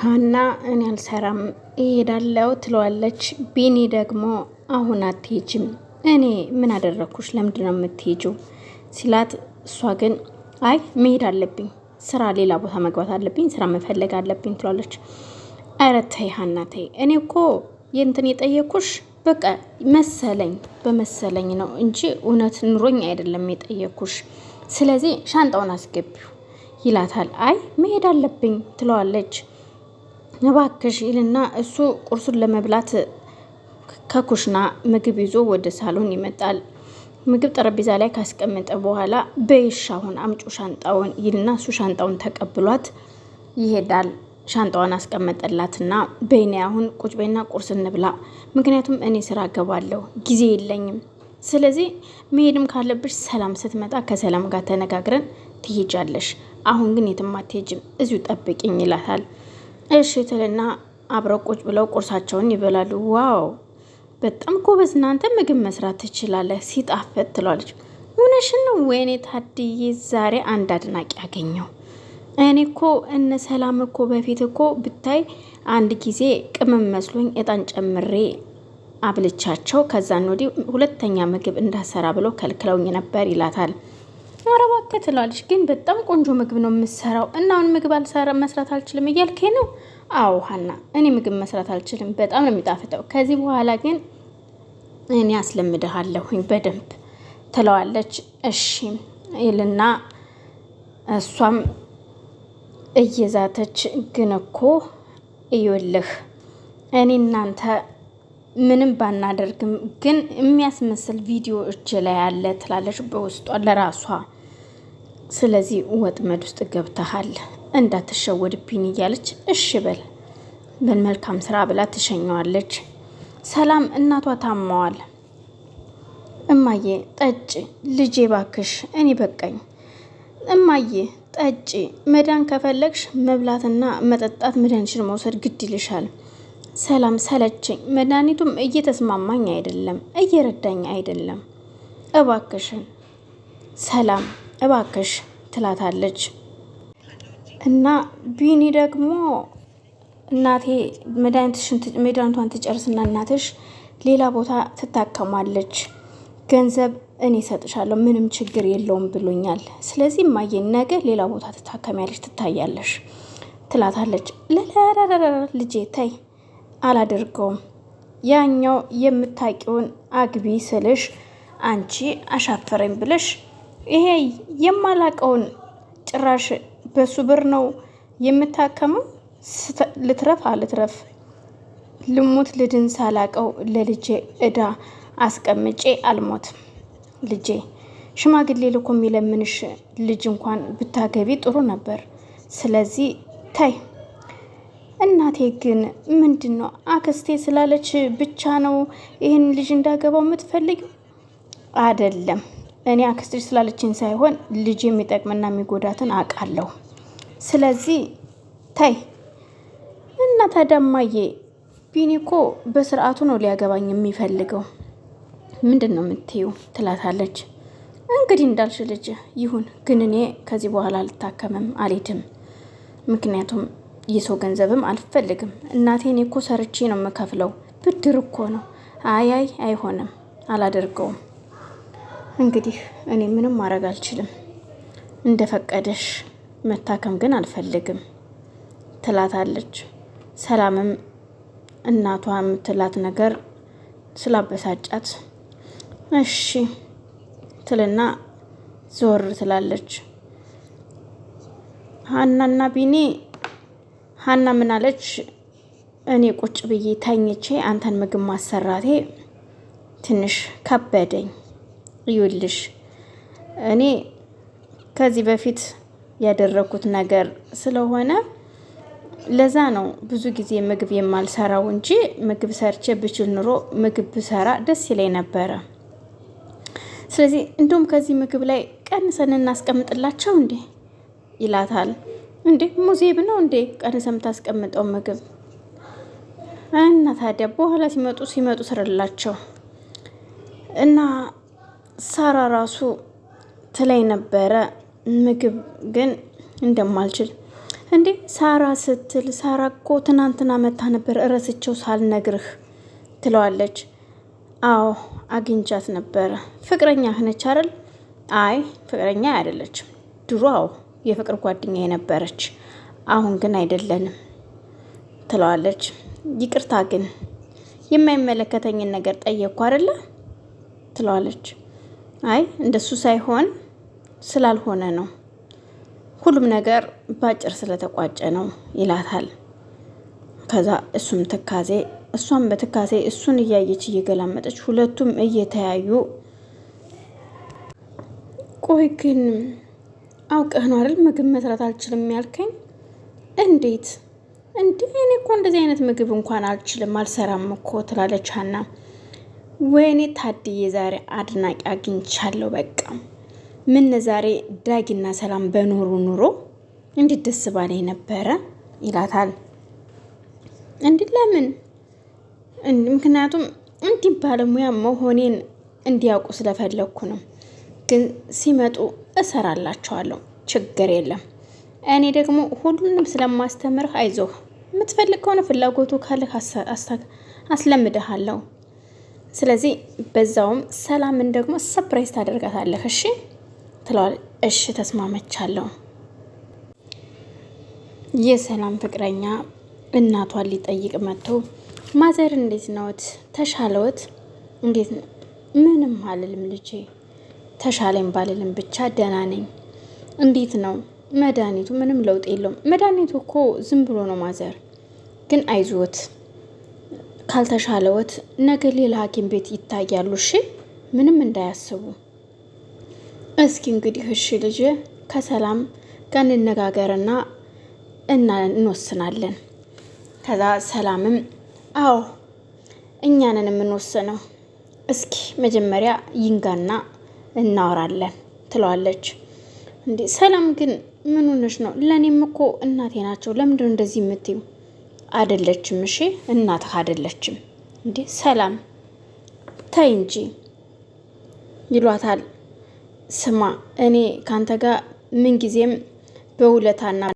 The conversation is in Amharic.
ሀና እኔ አልሰራም እሄዳለሁ ትለዋለች። ቢኒ ደግሞ አሁን አትሄጅም፣ እኔ ምን አደረግኩሽ? ለምንድን ነው የምትሄጂው? ሲላት እሷ ግን አይ መሄድ አለብኝ፣ ስራ ሌላ ቦታ መግባት አለብኝ፣ ስራ መፈለግ አለብኝ ትሏለች። ኧረ ተይ ሀና ተይ፣ እኔ እኮ የእንትን የጠየኩሽ በቃ መሰለኝ በመሰለኝ ነው እንጂ እውነት ኑሮኝ አይደለም የጠየኩሽ። ስለዚህ ሻንጣውን አስገቢው ይላታል። አይ መሄድ አለብኝ ትለዋለች። እባክሽ ይልና እሱ ቁርሱን ለመብላት ከኩሽና ምግብ ይዞ ወደ ሳሎን ይመጣል። ምግብ ጠረጴዛ ላይ ካስቀመጠ በኋላ በይሻሁን አምጩ ሻንጣውን ይልና እሱ ሻንጣውን ተቀብሏት ይሄዳል። ሻንጣዋን አስቀመጠላትና በይኔ አሁን ቁጭ በይና ቁርስ እንብላ፣ ምክንያቱም እኔ ስራ ገባለሁ ጊዜ የለኝም። ስለዚህ መሄድም ካለብሽ ሰላም ስትመጣ ከሰላም ጋር ተነጋግረን ትሄጃለሽ። አሁን ግን የትም አትሄጅም፣ እዚሁ ጠብቅኝ ይላታል። እሺ ትልና አብረው ቁጭ ብለው ቁርሳቸውን ይበላሉ። ዋው በጣም ጎበዝ እናንተ ምግብ መስራት ትችላለህ ሲጣፈጥ ትሏለች። እውነሽን ነው? ወይኔ ታድዬ ዛሬ አንድ አድናቂ ያገኘው እኔ እኮ እነ ሰላም እኮ በፊት እኮ ብታይ አንድ ጊዜ ቅመም መስሎኝ እጣን ጨምሬ አብልቻቸው ከዛን ወዲህ ሁለተኛ ምግብ እንዳሰራ ብሎ ከልክለውኝ ነበር ይላታል። ኧረ እባክህ ትላለች። ግን በጣም ቆንጆ ምግብ ነው የምሰራው እና አሁን ምግብ አልሰራ መስራት አልችልም እያልከኝ ነው? አዎ ሀና፣ እኔ ምግብ መስራት አልችልም። በጣም ነው የሚጣፍጠው። ከዚህ በኋላ ግን እኔ አስለምድሃለሁኝ በደንብ ትለዋለች። እሺ ይልና እሷም እየዛተች ግን እኮ እዩልህ እኔ እናንተ ምንም ባናደርግም ግን የሚያስመስል ቪዲዮ እጅ ላይ ያለ ትላለች በውስጧ ለራሷ ስለዚህ ወጥመድ ውስጥ ገብተሃል እንዳትሸወድብኝ እያለች እሽ በል ምን መልካም ስራ ብላ ትሸኘዋለች። ሰላም እናቷ ታማዋል። እማዬ ጠጭ ልጄ ባክሽ፣ እኔ በቃኝ። እማዬ ጠጭ፣ መዳን ከፈለግሽ መብላትና መጠጣት መድኃኒትሽን መውሰድ ግድ ይልሻል። ሰላም ሰለችኝ፣ መድኃኒቱም እየተስማማኝ አይደለም፣ እየረዳኝ አይደለም፣ እባክሽን ሰላም እባክሽ ትላታለች። እና ቢኒ ደግሞ እናቴ መድኃኒቷን ትጨርስና እናትሽ ሌላ ቦታ ትታከማለች፣ ገንዘብ እኔ እሰጥሻለሁ፣ ምንም ችግር የለውም ብሎኛል። ስለዚህ ማየ ነገ ሌላ ቦታ ትታከሚያለች፣ ትታያለሽ ትላታለች። ለለረረረ ልጄ ተይ አላደርገውም፣ ያኛው የምታውቂውን አግቢ ስልሽ አንቺ አሻፈረኝ ብለሽ ይሄ የማላቀውን ጭራሽ በሱ ብር ነው የምታከመው። ልትረፍ አልትረፍ ልሙት ልድን ሳላቀው ለልጄ እዳ አስቀምጬ አልሞት። ልጄ ሽማግሌ ልኮ የሚለምንሽ ልጅ እንኳን ብታገቢ ጥሩ ነበር። ስለዚህ ታይ እናቴ ግን ምንድን ነው አክስቴ ስላለች ብቻ ነው ይህን ልጅ እንዳገባው የምትፈልጊው? አደለም እኔ አክስትሽ ስላለችኝ ሳይሆን ልጅ የሚጠቅምና የሚጎዳትን አውቃለሁ። ስለዚህ ታይ እና ታዳማዬ ቢኒ እኮ በስርዓቱ ነው ሊያገባኝ የሚፈልገው። ምንድን ነው የምትይው? ትላታለች። እንግዲህ እንዳልሽ ልጅ ይሁን፣ ግን እኔ ከዚህ በኋላ አልታከምም፣ አልሄድም። ምክንያቱም የሰው ገንዘብም አልፈልግም። እናቴ እኔ እኮ ሰርቼ ነው የምከፍለው፣ ብድር እኮ ነው። አያይ አይሆንም፣ አላደርገውም እንግዲህ እኔ ምንም ማድረግ አልችልም። እንደፈቀደሽ መታከም ግን አልፈልግም ትላታለች። ሰላምም እናቷ የምትላት ነገር ስላበሳጫት እሺ ትልና ዞር ትላለች። ሀናና ቢኒ ሀና አለች? እኔ ቁጭ ብዬ ተኝቼ አንተን ምግብ ማሰራቴ ትንሽ ከበደኝ እዩልሽ እኔ ከዚህ በፊት ያደረኩት ነገር ስለሆነ ለዛ ነው ብዙ ጊዜ ምግብ የማልሰራው እንጂ ምግብ ሰርቼ ብችል ኑሮ ምግብ ብሰራ ደስ ይለኝ ነበረ። ስለዚህ እንዲሁም ከዚህ ምግብ ላይ ቀንሰን እናስቀምጥላቸው እንዴ ይላታል። እንዴ ሙዚየም ነው እንዴ ቀንሰ የምታስቀምጠው ምግብ? እና ታዲያ በኋላ ሲመጡ ሲመጡ ስርላቸው እና ሳራ ራሱ ትለይ ነበረ ምግብ ግን እንደማልችል እንዴ ሳራ ስትል ሳራ እኮ ትናንትና መታ ነበር እረስቸው ሳልነግርህ ትለዋለች። አዎ አግኝቻት ነበረ። ፍቅረኛ ህነች አይደል? አይ ፍቅረኛ አይደለች ድሮ አዎ የፍቅር ጓደኛ የነበረች አሁን ግን አይደለንም ትለዋለች። ይቅርታ ግን የማይመለከተኝን ነገር ጠየቅኩ አይደለ? ትለዋለች። አይ እንደሱ ሳይሆን ስላልሆነ ነው፣ ሁሉም ነገር በአጭር ስለተቋጨ ነው ይላታል። ከዛ እሱም ትካዜ እሷም በትካዜ እሱን እያየች እየገላመጠች ሁለቱም እየተያዩ ቆይ ግን አውቀህ ነው አይደል ምግብ መስራት አልችልም ያልከኝ? እንዴት እንዴ? እኔ እኮ እንደዚህ አይነት ምግብ እንኳን አልችልም አልሰራም እኮ ትላለች ሀና። ወይኔ ታድዬ ዛሬ አድናቂ አግኝቻለሁ። በቃ ምን ዛሬ ዳጊና ሰላም በኖሩ ኑሮ እንዲደስ ደስ ነበረ ይላታል። እንዲ ለምን? ምክንያቱም እንዲ ባለሙያ መሆኔን እንዲያውቁ ስለፈለግኩ ነው። ግን ሲመጡ እሰራላቸዋለሁ፣ ችግር የለም። እኔ ደግሞ ሁሉንም ስለማስተምርህ አይዞህ፣ የምትፈልግ ከሆነ ፍላጎቱ ካለህ አስለምድሃለሁ ስለዚህ በዛውም ሰላምን ደግሞ ሰፕራይዝ ታደርጋታለህ። እሺ ትለዋል። እሺ ተስማመቻለሁ። የሰላም ፍቅረኛ እናቷን ሊጠይቅ መጥቶ ማዘር እንዴት ነዎት? ተሻለዎት? እንዴት ምንም አልልም ልጄ፣ ተሻለኝ ባልልም ብቻ ደህና ነኝ። እንዴት ነው መድኃኒቱ? ምንም ለውጥ የለውም። መድኃኒቱ እኮ ዝም ብሎ ነው ማዘር። ግን አይዞት ካልተሻለዎት ነገ ሌላ ሐኪም ቤት ይታያሉ። እሺ ምንም እንዳያስቡ። እስኪ እንግዲህ እሺ ልጅ ከሰላም ጋር እንነጋገርና እና እንወስናለን። ከዛ ሰላምም አዎ እኛንን የምንወስነው እስኪ መጀመሪያ ይንጋና እናወራለን ትለዋለች። እንዴ ሰላም ግን ምን ሆነሽ ነው? ለእኔም እኮ እናቴ ናቸው። ለምንድነው እንደዚህ የምትይው? አደለችም እሺ እናትህ አደለችም እንዴ? ሰላም ተይ እንጂ ይሏታል። ስማ እኔ ካንተ ጋር ምንጊዜም በውለታና